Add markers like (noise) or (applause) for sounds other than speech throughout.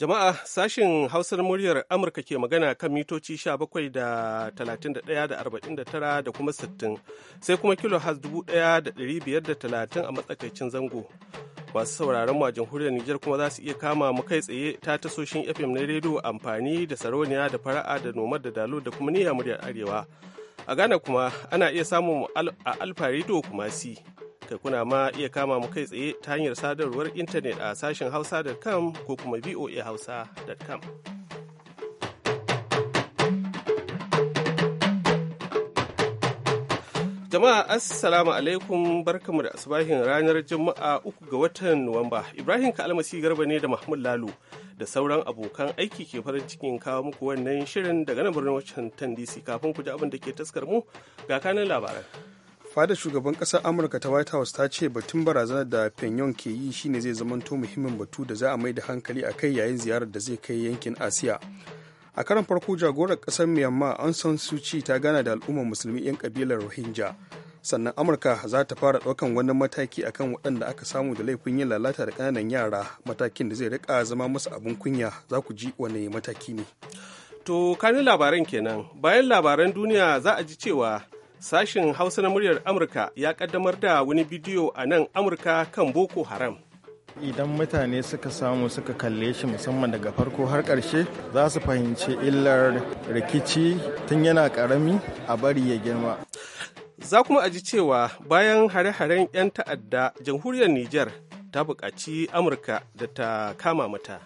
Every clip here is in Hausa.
Jama'a sashin Hausar muryar Amurka ke magana kan mitoci 17 da 31 da 49 da kuma 60 sai kuma kilo has 1530 a matsakaicin zango. Masu sauraron mu a jamhuriyar Nijar kuma za su iya kama mu kai tsaye ta tasoshin FM na rediyo amfani da sarauniya da fara'a da nomad da dalo da kuma niyya muryar Arewa. A Ghana kuma ana iya samun a Alfa rediyo kuma si. ka kuna ma iya kama mu kai tsaye ta hanyar sadarwar intanet a sashen hausa.com ko kuma voahausa.com. Jama'a Assalamu alaikum barkamu da asubahin ranar Juma'a uku ga watan Nuwamba. Ibrahim Kalmasi Garba ne da Mahmud lalu da sauran abokan aiki ke farin cikin kawo muku wannan shirin daga nan birnin Washington DC kafin ku ji abin da ke taskar mu ga kanin labaran. fadar shugaban ƙasar amurka ta white house ta ce batun barazanar da pyongyang ke yi shine zai zamanto muhimmin batu da za a mai da hankali a kai yayin ziyarar da zai kai yankin asiya a karan farko jagorar ƙasar myanmar an san suci ta gana da al'ummar musulmi 'yan kabilar rohingya sannan amurka za ta fara ɗaukan wani mataki akan waɗanda aka samu da laifin yin lalata da ƙananan yara matakin da zai rika zama masa abin kunya za ku ji wani mataki ne to kanin labaran kenan bayan labaran duniya za a ji cewa Sashen Hausa na muryar Amurka ya kaddamar da wani bidiyo a nan Amurka kan Boko Haram. Idan mutane suka samu suka kalle shi musamman daga farko har ƙarshe za su fahimci illar rikici tun yana ƙarami a bari ya girma. Za kuma aji cewa bayan hare-haren 'yan ta'adda jamhuriyar Nijar ta buƙaci Amurka da ta kama mata.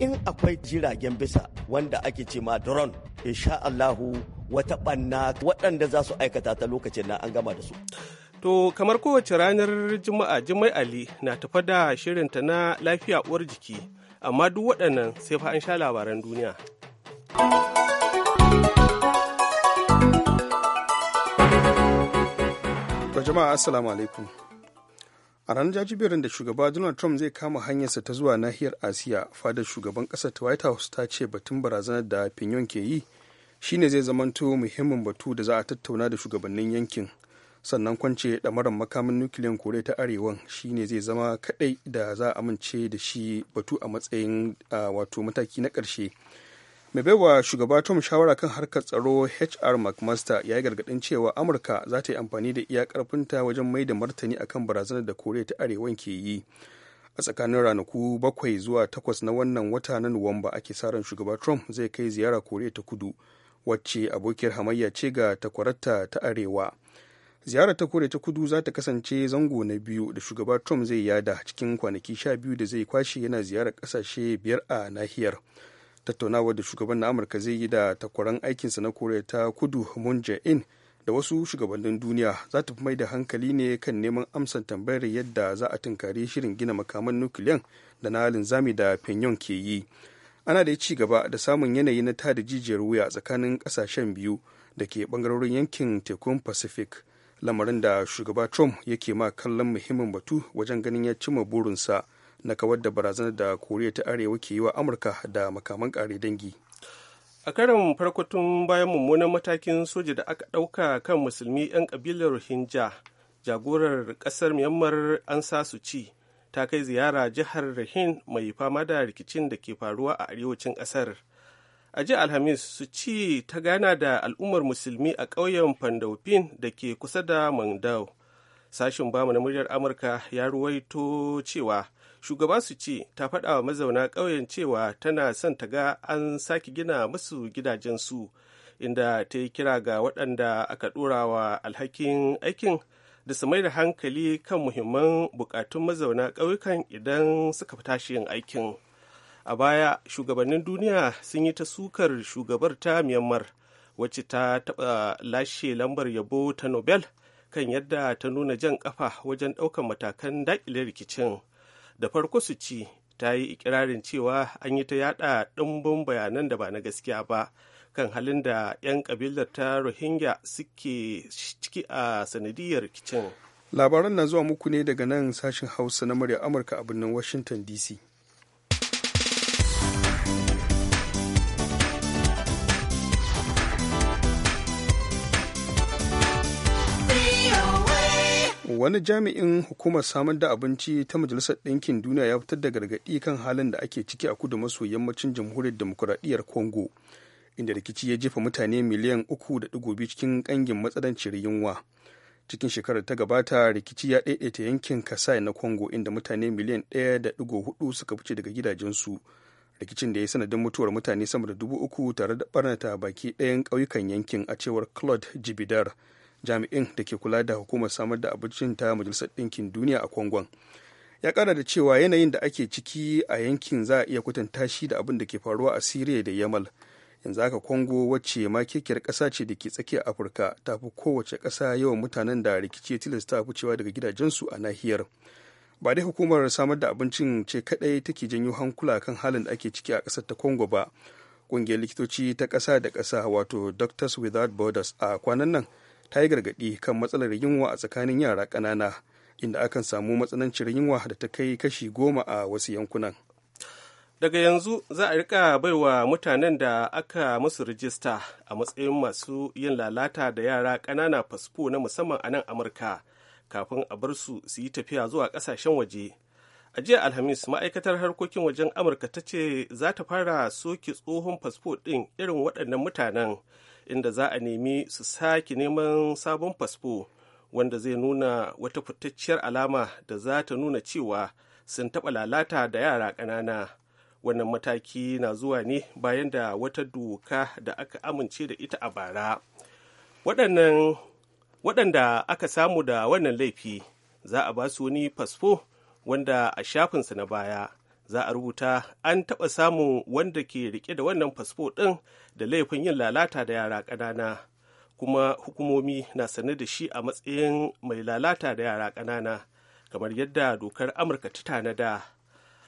In akwai jiragen bisa wanda ake ce ma drone, insha Allahu wata banna waɗanda za su aikata ta lokacin na an gama da su. To kamar kowace ranar Juma'a jimai Ali na tafa da shirinta na lafiya uwar jiki, amma duk waɗannan sai fa an sha labaran duniya. jama'a assalamu alaikum a ranar jajiberin da shugaba donald trump zai kama hanyarsa ta zuwa nahiyar asiya fadar shugaban ƙasar ta white house ta ce batun barazanar da pinyon ke yi shine zai zamanto muhimmin batu da za a tattauna da shugabannin yankin sannan kwance ɗamaran makamin nukiliyan koriya ta arewan shine zai zama kaɗai da za a amince da shi batu a matsayin wato mataki na karshe. mai baiwa shugaba tom shawara kan harkar tsaro hr mcmaster ya yi gargaɗin cewa amurka za ta yi amfani da iya ƙarfinta wajen mai da martani akan barazanar da koriya ta arewan ke yi a tsakanin ranaku bakwai zuwa takwas na wannan wata na nuwamba ake sa ran shugaba trump zai kai ziyara koriya ta kudu wacce abokiyar hamayya ce ga takwararta ta arewa ziyarar ta kore ta kudu za ta kasance zango na biyu da shugaba trump zai yada cikin kwanaki sha biyu da zai kwashe yana ziyarar kasashe biyar a nahiyar tattaunawar da shugaban na amurka zai yi da takwaran aikinsa na kore ta kudu moon in da wasu shugabannin duniya za ta fi mai da hankali ne kan neman amsar tambayar yadda za a tunkari shirin gina makaman nukiliyan da na linzami da pinyon ke yi ana da ci gaba da samun yanayi na tada jijiyar wuya tsakanin kasashen biyu da ke bangarorin yankin tekun pacific lamarin da shugaba trump yake ma kallon muhimmin batu wajen ganin ya cimma burinsa na kawar da barazanar da koriya ta arewa ke yi wa amurka da makaman kare dangi a karin farkotun bayan mummunan matakin soja da aka ɗauka kan musulmi 'yan ƙabilar rohingya jagorar ƙasar myanmar an sa su ci ta kai ziyara jihar rahin mai fama da rikicin da ke faruwa a arewacin ƙasar a ji alhamis su ci ta gana da al'ummar musulmi a ƙauyen pandaupin da ke kusa da mandau sashen bamu na muryar amurka ya ruwaito cewa shugaba su ce ta faɗa wa mazauna ƙauyen cewa tana son ta ga an sake gina musu gidajensu inda ta yi kira ga waɗanda aka ɗora wa alhakin aikin da su mai da hankali kan muhimman bukatun mazauna ƙauyukan idan suka tashi yin aikin a baya shugabannin duniya sun yi ta sukar shugabar ta myanmar wacce ta taɓa lashe lambar yabo ta nobel kan yadda ta nuna jan ƙafa wajen ɗaukar matakan daƙile rikicin da farko su ci ta yi ikirarin cewa an yi ta yada ɗumbin bayanan da ba na gaskiya ba kan halin da 'yan kabilar ta rohingya suke ciki a sanadiyar rikicin labaran na zuwa muku ne daga nan sashen hausa na murya amurka a birnin washington dc wani jami'in hukumar samar da abinci ta majalisar ɗinkin duniya ya fitar da gargaɗi kan halin da ake ciki a kudu maso yammacin jamhuriyar demokuraɗiyyar congo inda rikici ya jefa mutane miliyan uku da 3.2 cikin kangin matsanancin yunwa cikin shekarar ta gabata rikici ya daidaita yankin kasai na congo inda mutane miliyan 1.4 suka fice daga gidajensu rikicin da ya sanadin mutuwar mutane sama da dubu uku tare da barnata baki ɗayan ƙauyukan yankin a cewar claude jibidar jami'in da ke kula da hukumar samar da abincin ta majalisar ɗinkin duniya a kongon ya kara da cewa yanayin da ake ciki a yankin za a iya kwatanta shi da abin da ke faruwa a siriya da yamal yanzu haka congo wacce ma makekiyar ƙasa ce da ke tsakiyar afirka ta fi kowace ƙasa yawan mutanen da rikici tilasta ficewa daga gidajensu a nahiyar ba dai hukumar samar da abincin ce kadai take janyo hankula kan halin da ake ciki a ƙasar ta congo ba ƙungiyar likitoci ta ƙasa da ƙasa wato doctors without borders a kwanan nan ta yi gargaɗi kan matsalar yunwa a tsakanin yara ƙanana inda akan samu matsanancin yunwa da ta kai kashi goma a wasu yankunan daga yanzu za a rika baiwa mutanen da aka musu rijista a matsayin masu yin lalata da yara ƙanana fasfo na musamman a nan amurka kafin a bar su su yi tafiya zuwa ƙasashen waje a jiya alhamis ma'aikatar harkokin wajen amurka ta ce za ta fara soke tsohon fasfo ɗin irin waɗannan mutanen inda za a nemi su sake neman sabon fasfo wanda zai nuna wata fitacciyar alama da za ta nuna cewa sun taɓa lalata da yara ƙanana wannan mataki na zuwa ne bayan da wata doka da aka amince da ita a bara waɗanda aka samu da wannan laifi za a ba su wani fasfo wanda a shafinsa na baya za a rubuta an taɓa samun wanda ke rike da wannan fasfo ɗin da laifin yin lalata da yara ƙanana kuma hukumomi na sane da shi a matsayin mai lalata da yara ƙanana kamar yadda dokar amurka ta tanada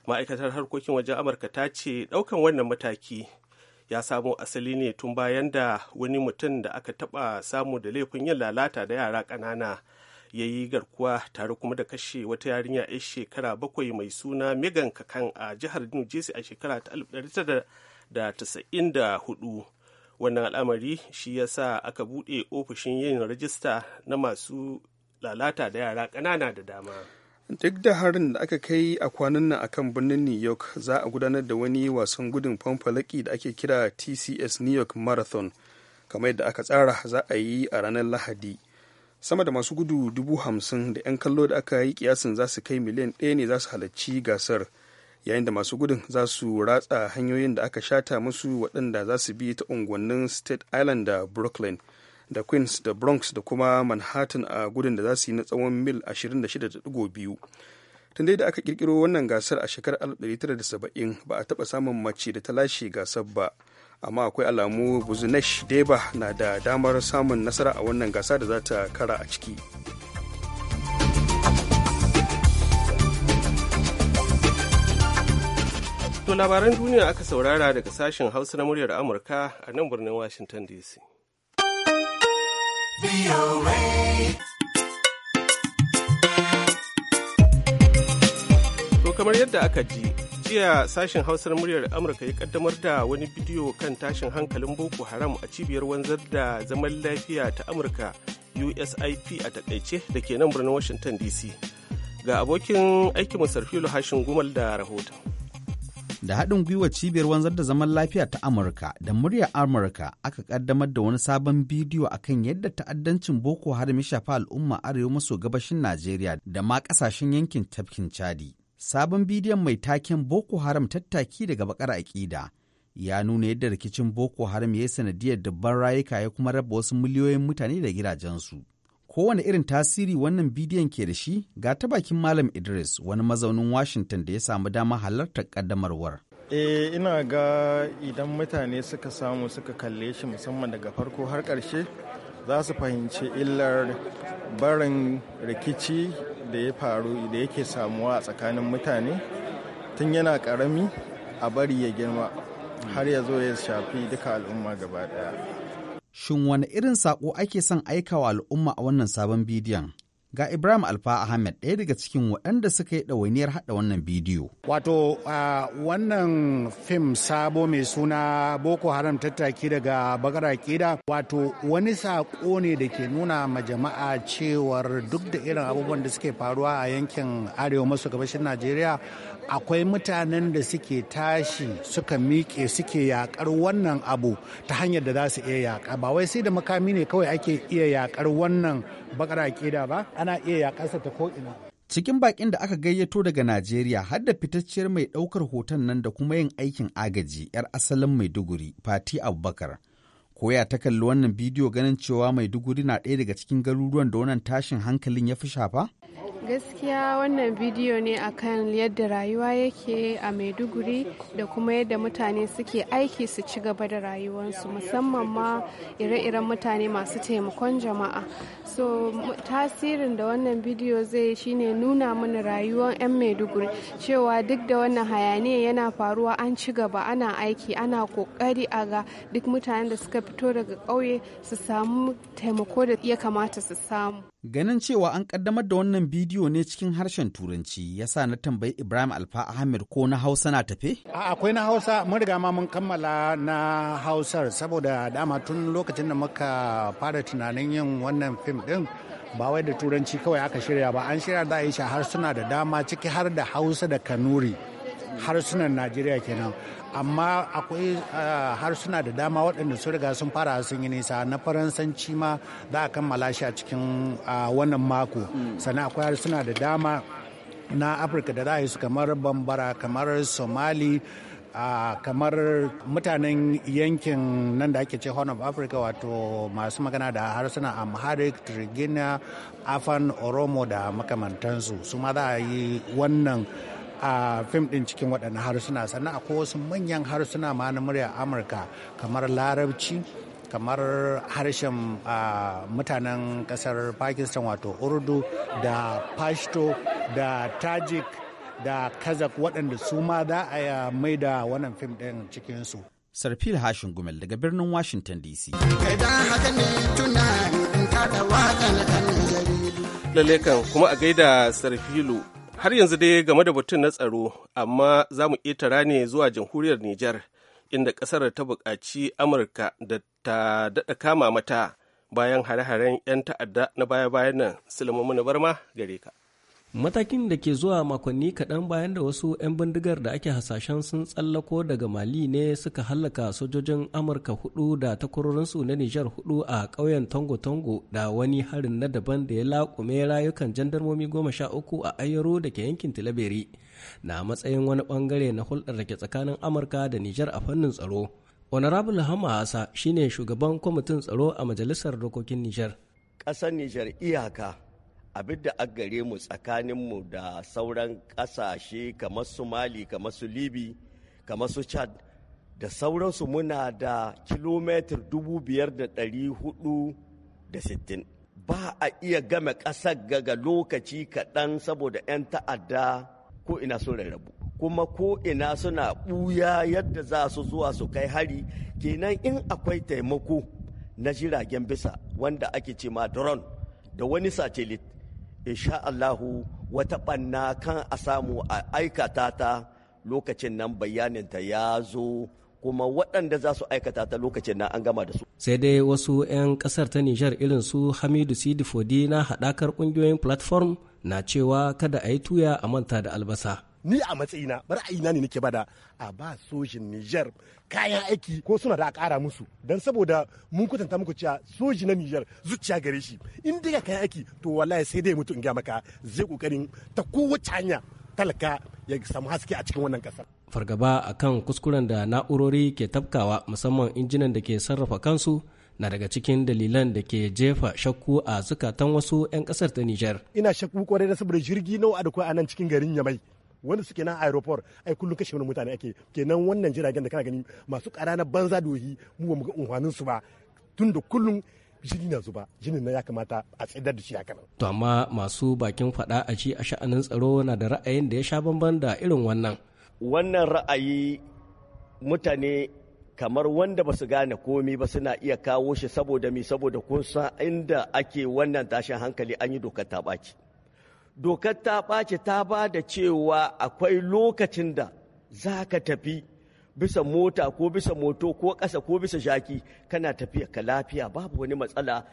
ma'aikatar harkokin wajen amurka ta ce ɗaukan wannan mataki ya samo asali ne tun bayan da wani mutum da aka taɓa samu da laifin yin lalata da yara ƙanana ya yi garkuwa tare kuma da kashe wata yarinya a shekara bakwai mai suna megan kakan a jihar new jersey a shekara ta 1994 wannan al'amari shi ya sa aka buɗe ofishin yin rajista na masu lalata da yara ƙanana da dama duk da harin da aka kai a kwanan nan akan birnin new york za a gudanar da wani wasan gudun famfalaki da ake kira tcs new york marathon kamar yadda aka tsara za a yi a ranar lahadi sama da masu gudu dubu hamsin da 'yan kallo da aka yi kiyasin za su kai miliyan ɗaya ne za su halarci gasar yayin da masu gudun za su ratsa hanyoyin da aka shata musu waɗanda za su bi ta unguwannin state island da brooklyn da queens da bronx da kuma manhattan a gudun da za su yi na tsawon mil 26.2 tun dai da aka kirkiro wannan gasar a shekarar 1970 ba a taba samun mace da ta lashe gasar ba amma akwai alamu buzunesh deba na da damar samun nasara a wannan gasa da za ta kara a ciki to labaran duniya aka saurara daga sashen hausa na muryar amurka a nan birnin washington dc To kamar yadda aka ji, jiya sashen hausar muryar Amurka ya kaddamar da wani bidiyo kan tashin hankalin Boko Haram a cibiyar wanzar da zaman lafiya ta Amurka USIP a takaice da ke nan birnin Washington DC. Ga abokin aikin Sarfilu Hashin Gumal da rahoton. da haɗin gwiwa cibiyar wanzar da zaman lafiya ta amurka da muryar amurka aka ƙaddamar da wani sabon bidiyo a kan yadda ta'addancin boko haram ya shafi al'umma arewa maso gabashin najeriya da ma ƙasashen yankin tafkin chadi sabon bidiyon mai taken boko haram tattaki daga bakar aƙida ya nuna yadda rikicin boko haram ya yi sanadiyar dubban rayuka ya kuma raba wasu miliyoyin mutane da gidajensu kowane irin tasiri wannan bidiyon ke da shi ga ta bakin Malam Idris wani mazaunin Washington da ya samu dama halartar kaddamarwar. E eh, ina ga idan mutane suka samu suka kalle shi musamman daga farko har karshe za su fahimci illar barin rikici da ya faru da yake samuwa a tsakanin mutane tun yana karami a bari ya girma har ya zo ya shafi duka al'umma gaba ɗaya. Shin wani irin saƙo ake son aikawa al'umma a wannan sabon bidiyon? ga Ibrahim Alfa Ahmed ɗaya daga cikin waɗanda suka yi ɗawainiyar haɗa wannan bidiyo. Wato wannan fim sabo mai suna Boko Haram tattaki daga Bagara Kida wato wani saƙo ne da ke nuna ma jama'a cewar duk da irin abubuwan da suke faruwa a yankin arewa maso gabashin Najeriya akwai mutanen da suke tashi suka miƙe suke yakar wannan abu ta hanyar da za su iya yaƙa ba wai sai da makami ne kawai ake iya yaƙar wannan bakara da ba ana iya yakarsa ta ko'ina cikin bakin da aka gayyato daga najeriya har da fitacciyar mai ɗaukar hoton nan da kuma yin aikin agaji 'yar asalin maiduguri fati abubakar koya ta kalli wannan bidiyo ganin cewa maiduguri na ɗaya daga cikin garuruwan da wannan tashin hankalin ya fi shafa Gaskiya wannan bidiyo ne akan yadda rayuwa yake a Maiduguri da kuma yadda mutane suke aiki su ci gaba da rayuwarsu musamman ma ire-iren mutane masu taimakon jama'a. So tasirin da wannan bidiyo zai shine nuna mana rayuwar 'yan Maiduguri cewa duk da wannan hayaniya yana faruwa an ci gaba ana aiki ana kokari a ga duk mutanen da suka fito daga ƙauye su samu taimako da ya kamata su samu. Ganin cewa an kaddamar da wannan kiran bidiyo ne cikin harshen turanci ya sa na tambayi ibrahim alfa ahmed ko na hausa na tafe akwai na hausa mun riga ma mun kammala na hausar saboda dama tun lokacin da muka fara tunanin yin wannan fim din ba wai da turanci kawai aka shirya ba an shirya za a yi shi harsuna da dama ciki har da hausa da kanuri harsunan najeriya kenan amma akwai ah, harsuna da dama waɗanda su riga sun fara sun yi nisa na faransanci ma za a kammala shi a cikin ah, wannan mako hmm. sannan akwai harsuna da dama na afirka da za a yi su kamar bambara kamar somali ah, kamar mutanen yankin nan da ake ce horn of africa wato masu magana da harsuna amharic trigina afan oromo da makamantansu su ma za a yi wannan a fim din cikin waɗannan harsuna sannan akwai wasu manyan harsuna ma na murya amurka kamar larabci kamar harshen mutanen kasar pakistan wato urdu da pashto da tajik da kazak waɗanda su ma za a mai da wannan fim ɗin cikinsu sarfil hashin gumel daga birnin washington dc lalle kan kuma a gaida sarfilu har yanzu dai game da batun na tsaro amma za mu ƙetara ne zuwa jamhuriyar Nijar inda ƙasar ta buƙaci Amurka da ta daɗa kama mata bayan hare-haren 'yan ta'adda na baya-bayan nan Sulaiman Barma gare ka. matakin da ke zuwa makonni kaɗan bayan da wasu 'yan bindigar da ake hasashen sun tsallako daga mali ne suka hallaka sojojin amurka hudu da takwarorinsu na nijar hudu a ƙauyen Tongo Tongo da wani harin na daban da ya laƙume rayukan jandarmomi goma sha uku a ayyaro da ke yankin tilaberi na matsayin wani ɓangare na hulɗar da ke tsakanin amurka da nijar a fannin tsaro honorable hama asa shine shugaban kwamitin tsaro a majalisar dokokin nijar ƙasar nijar iyaka abin da a gare mu tsakaninmu da sauran ƙasashe kamar su mali kamar su libi kamar su chad da sauransu muna da dubu biyar da 5,460 ba a iya game ƙasar gaga lokaci kaɗan saboda 'yan ta'adda ko ina sun rarrabu kuma ko ina suna buya yadda za su zuwa su kai hari kenan in akwai taimako na jiragen bisa wanda ake ce ma drone da wani satellite insha Allahu wata ɓanna kan a samu a aikata ta lokacin nan bayaninta ya zo kuma waɗanda za su aikata ta lokacin nan an gama da su. Sai dai wasu 'yan ƙasar ta Nijar irin su Hamidu Sidi Fodi na haɗakar ƙungiyoyin platform na cewa kada a yi tuya a manta da albasa. Ni a matsayina, ra'ayina ne nake bada a ba sojin Nijar kayan aiki ko suna da a ƙara musu don saboda mun kwatanta muku cewa soji na Nijar zuciya gare shi in dai kayan aiki to wallahi sai dai mutu in ga maka zai kokarin ta kowace hanya talaka ya samu haske a cikin wannan kasar. Fargaba akan kuskuren da na'urori ke tafkawa musamman injinan da ke sarrafa kansu na daga cikin dalilan da ke jefa shakku a zukatan wasu 'yan kasar ta Nijar. Ina shakku kwarai da saboda jirgi nawa da a anan cikin garin Yamai wanda suke nan aeroport ai kullum kashe wani mutane ake kenan wannan jiragen da kana gani masu ƙananan banza dohi mu ba mu ga unhwanin su ba tun da kullum jini na zuba jini na ya kamata a tsidar da shi haka nan. To amma masu bakin fada a ci a sha'anin tsaro na da ra'ayin da ya sha bamban da irin wannan. Wannan ra'ayi mutane kamar wanda ba su gane komi ba suna iya kawo shi saboda mi saboda kun san inda ake wannan tashin hankali an yi dokar ta baki dokar ta ɓace ta ba da cewa akwai lokacin da za ka tafi bisa mota ko bisa moto ko ƙasa ko bisa shaki kana tafiya ka lafiya babu wani matsala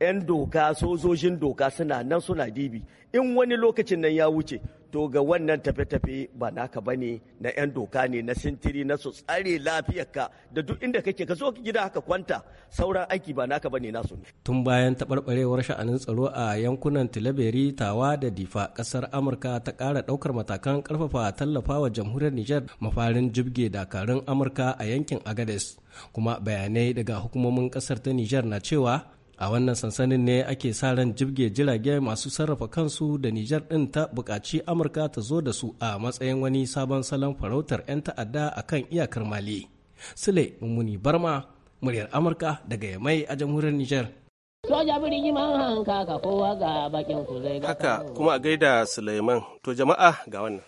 'yan doka sojojin doka suna nan suna dibi in wani lokacin nan ya wuce to ga wannan tafe-tafe ba naka ba ne na 'yan doka ne na sintiri na su tsare lafiyarka da duk inda kake ka zo gida haka kwanta sauran aiki ba naka ba ne nasu ne. tun bayan taɓarɓarewar sha'anin tsaro a yankunan tilaberi tawa da difa ƙasar amurka ta ƙara ɗaukar matakan ƙarfafa tallafawa jamhuriyar nijar mafarin jibge dakarun amurka a yankin agades kuma bayanai daga hukumomin ƙasar ta nijar na cewa a wannan sansanin ne ake sa ran jibge jirage masu sarrafa kansu da nijar ɗin ta bukaci amurka ta zo da su a matsayin wani sabon salon farautar 'yan ta'adda a kan iyakar mali sule mummuni barma muryar amurka daga yamai a jamhuriyar nijar Haka kuma a gaida Suleiman to jama'a ga wannan.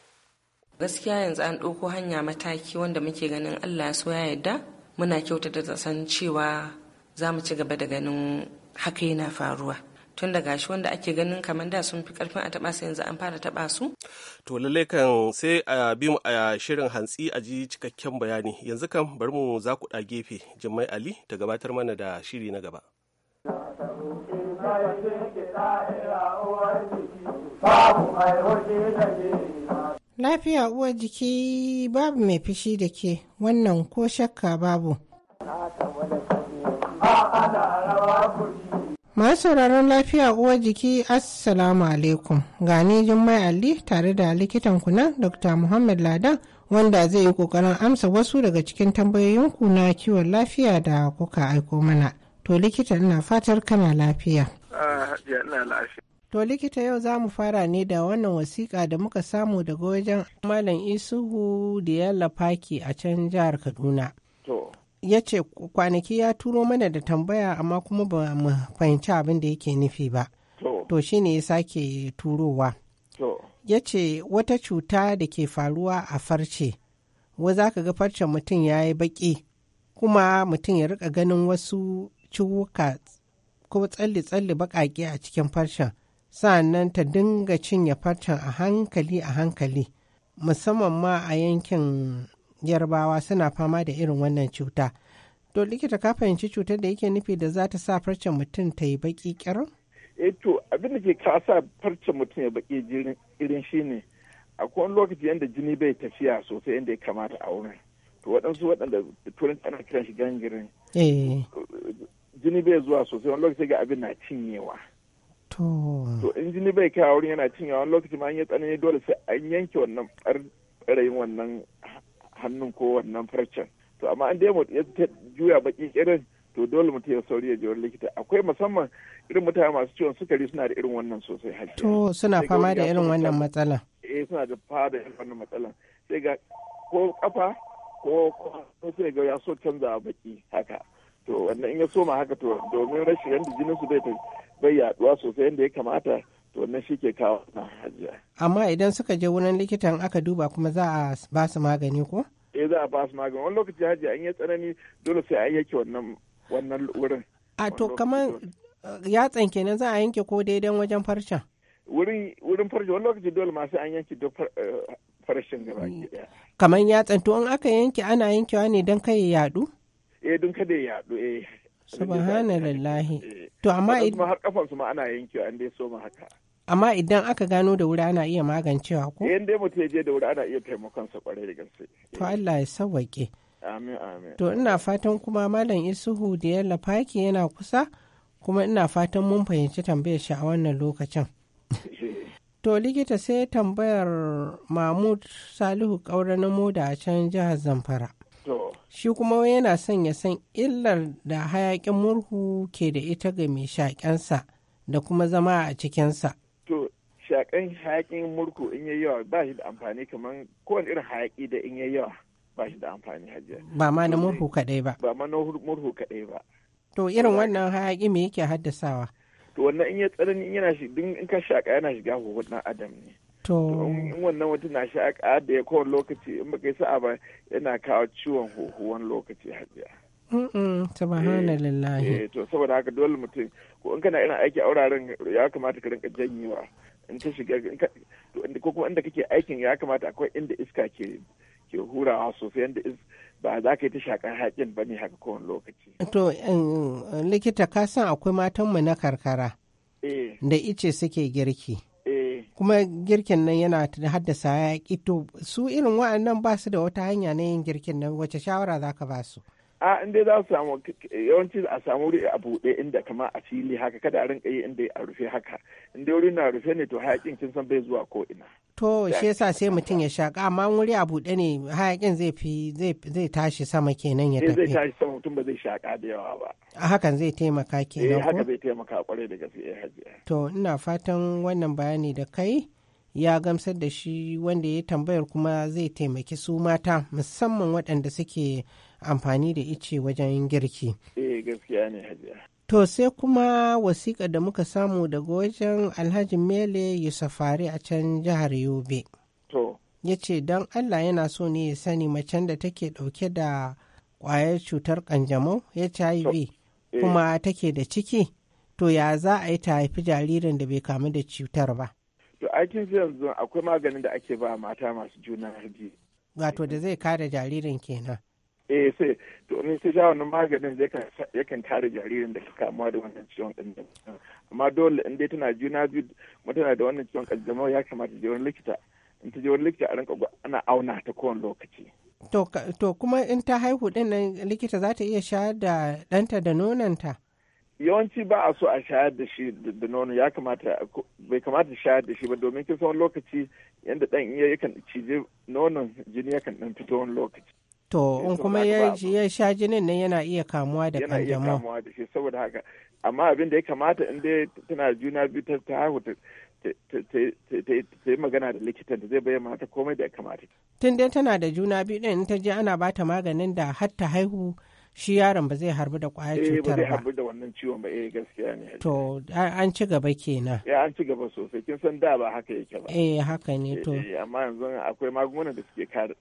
Gaskiya yanzu an ɗauko hanya mataki wanda muke ganin Allah so ya yadda muna kyautata da san cewa za mu ci gaba da ganin haka yana faruwa tun da gashi wanda ake ganin kamar da sun fi karfin a taba su yanzu an fara taba su to lalle kan sai a bi mu a shirin hantsi a ji cikakken bayani yanzu kan bari mu za ku gefe jimmai ali ta gabatar mana da shiri na gaba lafiya uwar jiki babu mai fishi da ke wannan ko shakka babu Masu sauraron lafiya uwar jiki Assalamu alaikum gani Jummai Ali tare da likitan kuna Dr. Muhammad Ladan wanda zai yi kokarin amsa wasu daga cikin tambayoyinku na kiwon lafiya da kuka aiko mana. To likita ina fatar kana ah, lafiya. To likita yau za mu fara ne da wannan wasiƙa da muka samu daga wajen Malam Isuhu da Yalla a can jihar Kaduna. ya ce kwanaki ya turo mana da tambaya amma kuma ba mu fahimci abin da yake nufi ba to shi ne ya sake turowa ya ce wata cuta da ke faruwa a farce wa za ka ga farcen mutum ya yi baƙi kuma mutum ya rika ganin wasu ciwuka ko tsalle-tsalle baƙaƙe a cikin farcen nan ta dinga cinye farcen a hankali a hankali musamman ma a yankin yarbawa suna fama da irin wannan cuta to likita ka fahimci cutar da yake nufi da za ta sa farcen mutum ta yi baki kirin eh to abin da ke ka sa farcen mutum ya baki irin shine akwai wani lokaci yadda jini bai tafiya sosai yadda ya kamata a wurin to waɗansu waɗanda turanci ana kiran shi gangirin eh. jini bai zuwa sosai wani lokaci ga abin na cinyewa to in jini bai kawo wurin yana cinyewa wani lokaci ma an yi tsanani dole sai an yanke wannan ɓarayin wannan hannun ko wannan farcen to amma an dai ya juya baki kirin to dole mutum ya sauri ya je wani likita akwai musamman irin mutane masu ciwon sukari suna da irin wannan sosai hali to suna fama da irin wannan matsala eh suna da fama da irin wannan matsala sai ga ko kafa ko ko sai ga ya so canza baki haka to wannan in ya soma haka to domin rashin yanda jinin su bai bai yaduwa sosai yanda ya kamata to na shi ke kawo na hajiya amma idan suka je wurin likitan aka duba kuma za a ba su magani ko eh za a ba su magani wani lokaci hajiya an yi tsanani dole sai an yake wannan wannan wurin a to kamar eh, yatsan kenan za a yanke ko daidai wajen farcen wurin wurin wani lokaci dole masu an yanke duk farashin eh, gaba daya. Kamar ya tsanto in aka yanke ana yankewa ne don kai ya yadu? Eh don kada ya yadu eh. subhanallahi eh. to amma idan har kafan su ma ana yankewa an dai so soma haka amma idan aka gano da wuri ana iya magancewa ko eh, in dai mutum je da wuri ana iya taimakon sa kwarai da gaske to Allah ya sawwake amin amin to ina fatan kuma malam isuhu da yalla faki yana kusa kuma ina fatan mun fahimci tambayar shi a wannan lokacin (laughs) to likita sai tambayar mahmud salihu kaura na moda a can jihar zamfara shi kuma yana son ya san illar da hayaƙin murhu ke da ita ga mai shaƙensa da kuma zama a cikinsa. To, shaƙen hayaƙin murhu in yi yawa ba shi da amfani kamar kowane irin hayaƙi da in yi yawa ba shi da amfani hajiya. Ba ma na murhu kaɗai ba. Ba ma na murhu kaɗai ba. To, irin wannan hayaƙi me yake haddasawa? To, wannan in ya tsanani in yana shi, in ka shaƙa yana shiga huhun ɗan Adam ne. to wannan mutum na a da ya kowane lokaci in baka yi sa'a ba yana kawo ciwon huhu wani lokaci hajiya subhanallah eh, eh to saboda haka dole mutum ko in kana irin aiki a wuraren ya kamata ka rinka janyewa in ta shiga ko kuma inda kake aikin ya kamata akwai inda iska ke ke hurawa sosai inda ba za ka yi ta shakar haƙin ba ne haka kowane lokaci. To, likita ka san akwai matanmu na karkara eh. da ice suke girki. kuma girkin nan yana haddasa ya to su irin waɗannan ba su da wata hanya na yin girkin nan wace shawara za ka ba su a inda za su yawanci a samu wuri a buɗe inda kama a fili haka kada a rinka yi inda a rufe haka inda wuri na rufe ne to hayakin kin san bai zuwa ko ina to shi yasa sai mutum ya shaka amma wuri a buɗe ne hayakin zai fi zai tashi sama kenan ya eh, tafi zai tashi sama mutum ba zai shaka da yawa ba a hakan zai taimaka kenan eh haka zai taimaka kwarai da gaske eh hajiya to ina fatan wannan bayani da kai ya gamsar da shi wanda ya tambayar kuma zai taimaki su mata musamman waɗanda suke amfani da ice wajen girki. Eh gaskiya ne hajiya. To sai kuma wasiƙa da muka samu daga wajen Alhaji Mele Yusufari a can jihar Yobe. To. Ya ce don Allah yana so ne ya sani macen da take ɗauke da ƙwayar cutar ƙanjamau HIV eh. kuma take da ciki. To ya za a yi ta haifi jaririn da bai kamu da cutar ba. To aikin yanzu akwai maganin da ake ba mata masu juna biyu. Wato da zai kare jaririn kenan. Eh sai to ni sai ja wannan maganin zai yakan kare jaririn da kamuwa da wannan ciwon din. Amma dole in dai tana juna biyu tana da wannan ciwon kanjamau ya kamata je wani likita. In ta je wani likita a rinka ana auna ta kowane lokaci. To kuma in ta haihu din nan likita za ta iya shayar da ɗanta da nonanta. yawanci ba a so a shayar da shi da nono ya kamata bai kamata shayar da shi ba domin kin wani lokaci yanda dan iya yakan cije nonon jini yakan dan fito wani lokaci to in kuma ya sha jinin nan yana iya kamuwa da kanjamau yana iya kamuwa da shi saboda haka amma abin da ya kamata in dai tana juna biyu ta haihu ta yi magana da likitan da zai bayyana mata komai da ya kamata. Tun dai tana da juna biyu ɗin ta je ana bata maganin da har ta haihu shi yaron ba zai harbu da kwayar cutar ba. Eh ba zai harbu da wannan ciwon ba eh gaskiya ne. To an ci gaba kenan. Eh, an ci gaba sosai kin san da ba haka yake ba. Eh haka ne to. Eh, eh, amma yanzu akwai magungunan da suke kare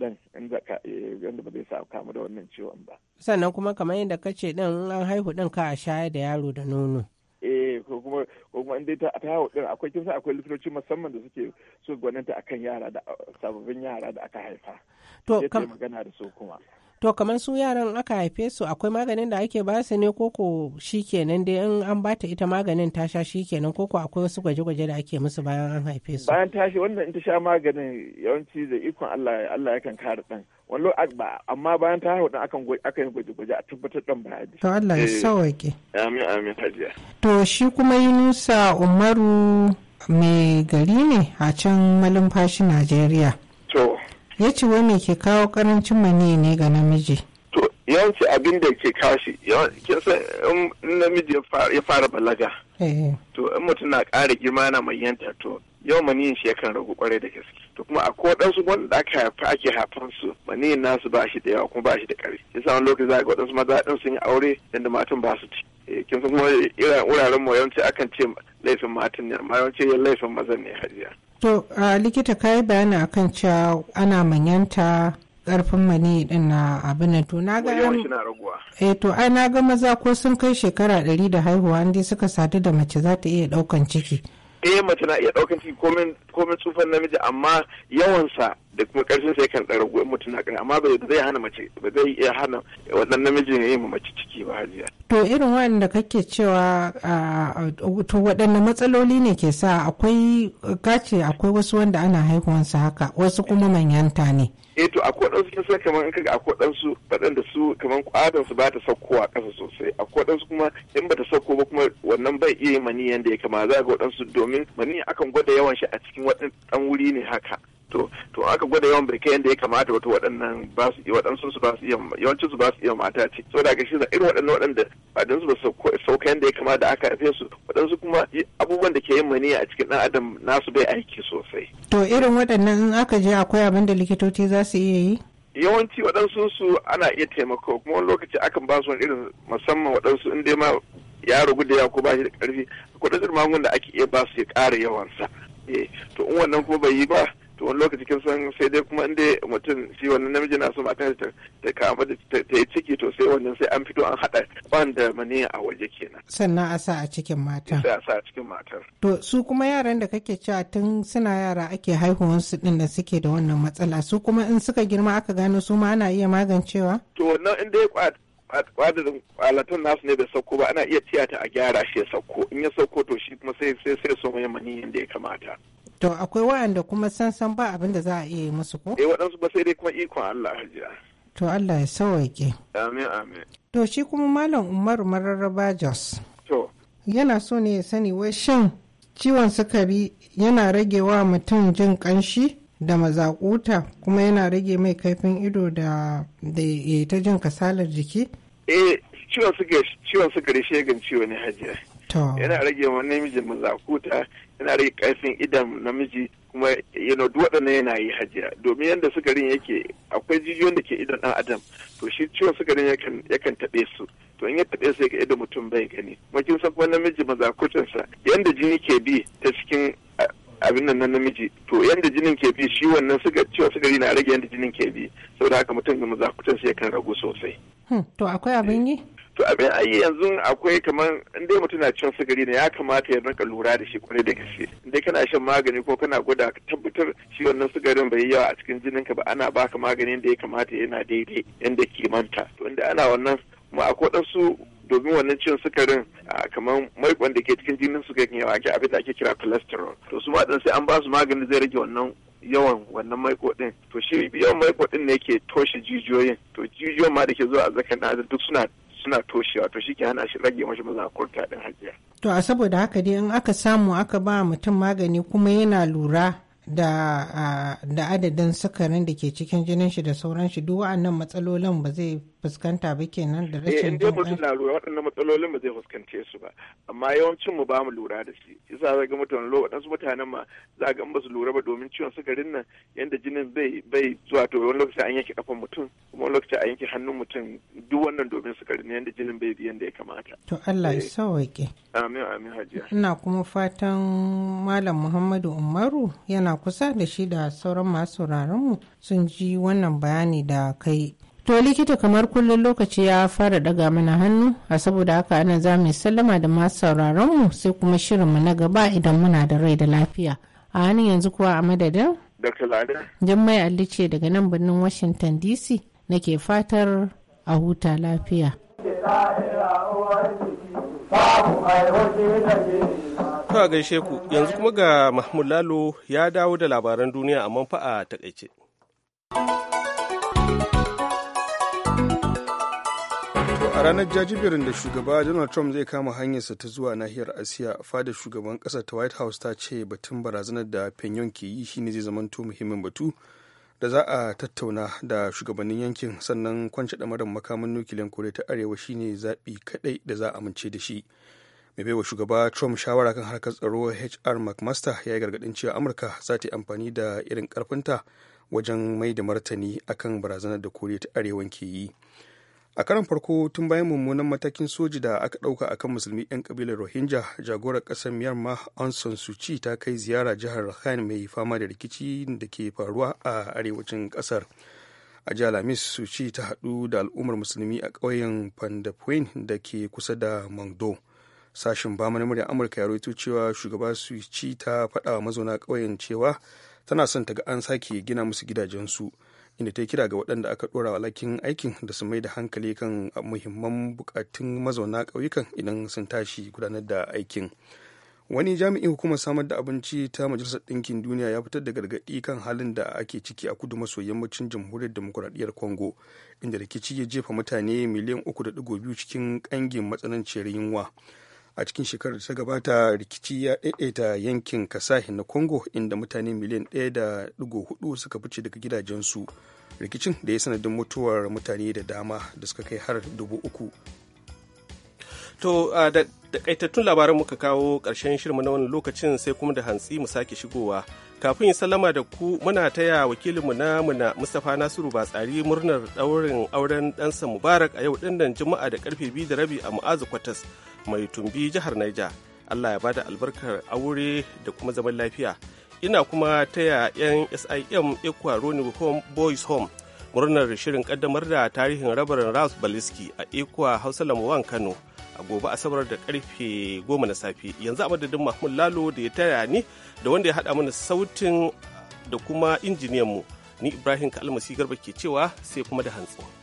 dan inda eh, ba zai sa kamu da wannan ciwon ba. Sannan kuma kamar yadda ka ce din an haihu din ka a shayar da yaro da nono. Eh ko kuma ko kuma in dai ta haihu din akwai kin san akwai likitoci musamman da suke so gwaninta akan yara da sababbin yara da aka haifa. To kam magana da su kuma. to kamar su yaran aka haife su akwai maganin da ake ba su ne koko shikenan dai in an bata ita maganin ta sha shikenan koko akwai wasu gwaje-gwaje da ake musu bayan an haife su bayan tashi wannan in ta sha maganin yawanci da ikon Allah Allah yakan kare dan wallo ba amma bayan ta haihu dan akan akan gwaje-gwaje a tabbatar dan ba to Allah ya eh, sauke amin amin hajiya to shi kuma Yunusa Umaru mai gari ne a can malumfashi Najeriya to ya ce wai me ke kawo karancin maniyi ne ga namiji to yawanci abin da ke kawo shi kin namiji ya fara balaga eh. to in mutum na ƙara girma na mayanta to yau maniyin shi yakan ragu kwarai da gaske to kuma akwai waɗansu da aka haifa ake haifan su maniyin nasu ba shi da yawa kuma ba shi da shi yasa wani lokaci za ga waɗansu maza ɗin sun yi aure yadda matan ba su ci eh, kin san kuma irin wuraren mu yawanci akan ce laifin matan ne amma yawanci laifin mazan ne hajiya. to likita ka yi bayani akan cewa ana manyanta karfin mani din na abu na to na ga eh to ai na ga maza ko sun kai shekara ɗari da haihuwa an dai suka sadu da mace za ta iya ɗaukan ciki eh mace na iya ɗaukan ciki komin tsufan namiji amma yawansa da kuma ƙarfin sa kan ɗara goyon mutum na amma bai zai hana mace ba zai iya hana wannan namijin ya yi ma mace ciki ba hajiya. to irin wanda kake cewa to waɗanne matsaloli ne ke sa akwai kace akwai wasu wanda ana haihuwansa haka wasu kuma manyanta ne. eh to akwai ɗansu kin san kamar in kaga akwai ɗansu da su kamar kwadan su ba ta saukowa kasa sosai akwai ɗansu kuma in ba ta sauko ba kuma wannan bai iya mani yanda ya kama za ga waɗansu domin mani akan gwada yawan shi a cikin waɗansu ɗan wuri ne haka to to aka gwada yawan birke yadda ya kamata wato waɗannan ba su waɗansu su ba su iya yawancin su ba su iya mata ce so ga shi da irin waɗannan waɗanda ba su ba sauka yadda ya kamata aka haife su waɗansu kuma abubuwan da ke yin maniya a cikin ɗan adam nasu bai aiki sosai. to irin waɗannan in aka je akwai abin da likitoci za su iya yi. yawanci waɗansu su ana iya taimako kuma wani lokaci akan ba su wani irin musamman waɗansu in dai ma yaro gudu ya ko ba shi da ƙarfi akwai ɗan magungunan da ake iya ba su ya ƙara yawansa. Eh, to in wannan kuma bai yi ba to wani lokaci kin san sai dai kuma inda mutum shi wannan namiji na a matan ta ta kama da ta yi ciki to sai wannan sai an fito an hada ban da maniya a waje kenan sannan a sa a cikin matar. sai a sa a cikin matar. to su kuma yaran da kake cewa tun suna yara ake haihuwan su din da suke da wannan matsala su kuma in suka girma aka gano su ma ana iya magancewa to wannan inda ya adadin alatun nasu ne bai sauko ba ana iya tiyata a gyara shi ya sauko in ya sauko to shi kuma sai sai sai so mai mani yadda ya kamata To akwai wa'anda kuma san san ba abin da za a iya yi musu ko? Eh waɗansu ba sai dai kuma ikon Allah hajiya. To Allah ya sawaike. Amin amin. To shi kuma Malam Umaru Mararraba Jos. To. Yana so ne ya sani wai shin ciwon sukari yana rage wa mutum jin ƙanshi da mazakuta kuma yana rage mai kaifin ido da da ta jin kasalar jiki? Eh ciwon sukari ciwon sukari shegan ciwo ne hajiya. yana rage wa namiji mazakuta yana rage karfin idan namiji kuma yana duk na yana yi hajiya domin yadda sukarin yake akwai jijiyoyin da ke idan ɗan adam to shi ciwon sukarin yakan taɓe su to in ya taɓe su yake idan mutum bai gani kuma kin san kuma namiji sa yadda jini ke bi ta cikin abin nan na namiji to yadda jinin ke bi shi wannan suka ciwon sukari na rage yadda jinin ke bi saboda haka mutum da sa yakan ragu sosai. Hmm, to akwai abin yi? to abin a yi yanzu akwai kamar inda mutum na cin sigari ne ya kamata ya rinka lura da shi kwarai da gaske inda kana shan magani ko kana gwada ka tabbatar shi wannan sigarin bai yi yawa a cikin jinin ka ba ana baka maganin da ya kamata yana daidai yanda kimanta to inda ana wannan kuma akwai waɗansu domin wannan cin sukarin kamar mai da ke cikin jinin su kan yawa ake abin da ake kira cholesterol to su ma sai an ba su magani zai rage wannan yawan wannan mai din to shi yawan mai din ne ke toshe jijiyoyin to jijiyoyin ma da ke zuwa a zakan da duk suna suna toshewa to shi ke hana shi rage mashi mazakurta din hajiya. To a saboda haka dai in aka samu aka ba mutum magani kuma yana lura da, da adadin sukarin da ke cikin jinin shi da sauran shi duk wa'annan matsalolin ba zai fuskanta ba kenan da eh, rashin jin mutum na lura waɗannan matsalolin ba zai fuskance su ba amma yawancin mu ba mu lura da shi yasa za ga mutane lo waɗansu mutanen ma za ga ba su lura ba domin ciwon sukarin nan yanda jinin bai bai zuwa to wani lokaci an yanke kafan mutum kuma wani lokaci an yanke hannun mutum duk wannan domin sukarin yanda jinin bai bi yanda ya kamata to Allah ya eh. sauke amin amin hajiya ina kuma fatan malam Muhammadu Umaru yana muna kusa da shi da sauran masu mu sun ji wannan bayani da kai. To likita kamar kullum lokaci ya fara daga mana hannu a saboda haka ana za mu sallama da masu mu sai kuma shirinmu na gaba idan muna da rai da lafiya. A hannun yanzu kuwa a madadin? Dr. Lada. Jummai ce daga nan birnin Washington DC nake fatar a huta lafiya. To gaishe ku yanzu kuma ga Mahmud Lalo ya dawo da labaran duniya a fa a takaice. A ranar jajibirin da shugaba Donald Trump zai kama hanyarsa ta zuwa nahiyar Asiya, fadar shugaban ƙasa ta White House ta ce batun barazanar da Pyongyang ke yi shine zai zamanto muhimmin batu da za a tattauna da shugabannin yankin sannan kwance da makamin nukiliyar koriya ta arewa shine zaɓi kaɗai da za a amince da shi. mai baiwa shugaba trump shawara kan harkar tsaro hr mcmaster ya yi gargadin cewa amurka za ta yi amfani da irin karfinta wajen mai da martani akan barazanar da koriya ta arewan ke yi a karan farko tun bayan mummunan matakin soji da aka ɗauka akan musulmi 'yan kabilar rohingya jagorar ƙasar myanmar aung san suu ta kai ziyara jihar rakhine mai fama da rikici da ke faruwa a arewacin ƙasar a jihar lamis suu ta haɗu da al'ummar musulmi a ƙauyen pandapuin da ke kusa da mangdo sashen ba na amurka ya rawaito cewa shugaba su ci ta faɗa mazauna ƙauyen cewa tana son ta ga an sake gina musu gidajensu inda ta kira ga waɗanda aka ɗora wa lakin aikin da su mai da hankali kan muhimman buƙatun mazauna ƙauyukan idan sun tashi gudanar da aikin wani jami'in hukumar samar da abinci ta majalisar ɗinkin duniya ya fitar da gargaɗi kan halin da ake ciki a kudu maso yammacin jamhuriyar demokuraɗiyyar congo inda rikici ya jefa mutane miliyan 3.2 cikin ƙangin matsananciyar yunwa a cikin shekarar da ta gabata rikici ya daidaita yankin kasahi na congo inda mutane miliyan 1.4 suka fice daga gidajensu rikicin da ya sanadin mutuwar mutane da dama da suka kai har dubu uku To da kaitattun labaran muka kawo ƙarshen shirma na wani lokacin sai kuma da hantsi mu sake shigowa kafin yi sallama da ku muna taya wakilinmu na muna mustapha nasiru batsari murnar daurin auren ɗansa mubarak a yau ɗinnan juma'a da karfe biyu da rabi a mu'azu kwatas mai tumbi jihar naija allah ya bada albarkar aure da kuma zaman lafiya ina kuma taya yan sim ikwa roni home boys home murnar shirin kaddamar da tarihin rabarin ras baliski a ikwa hausa lamuwan kano a gobe asabar da karfe goma na safe yanzu a madadin mahmud lalo da ya taya ni da wanda ya haɗa mana sautin da kuma injiniyanmu ni ibrahim kalmasi garba ke cewa sai kuma da hantsi.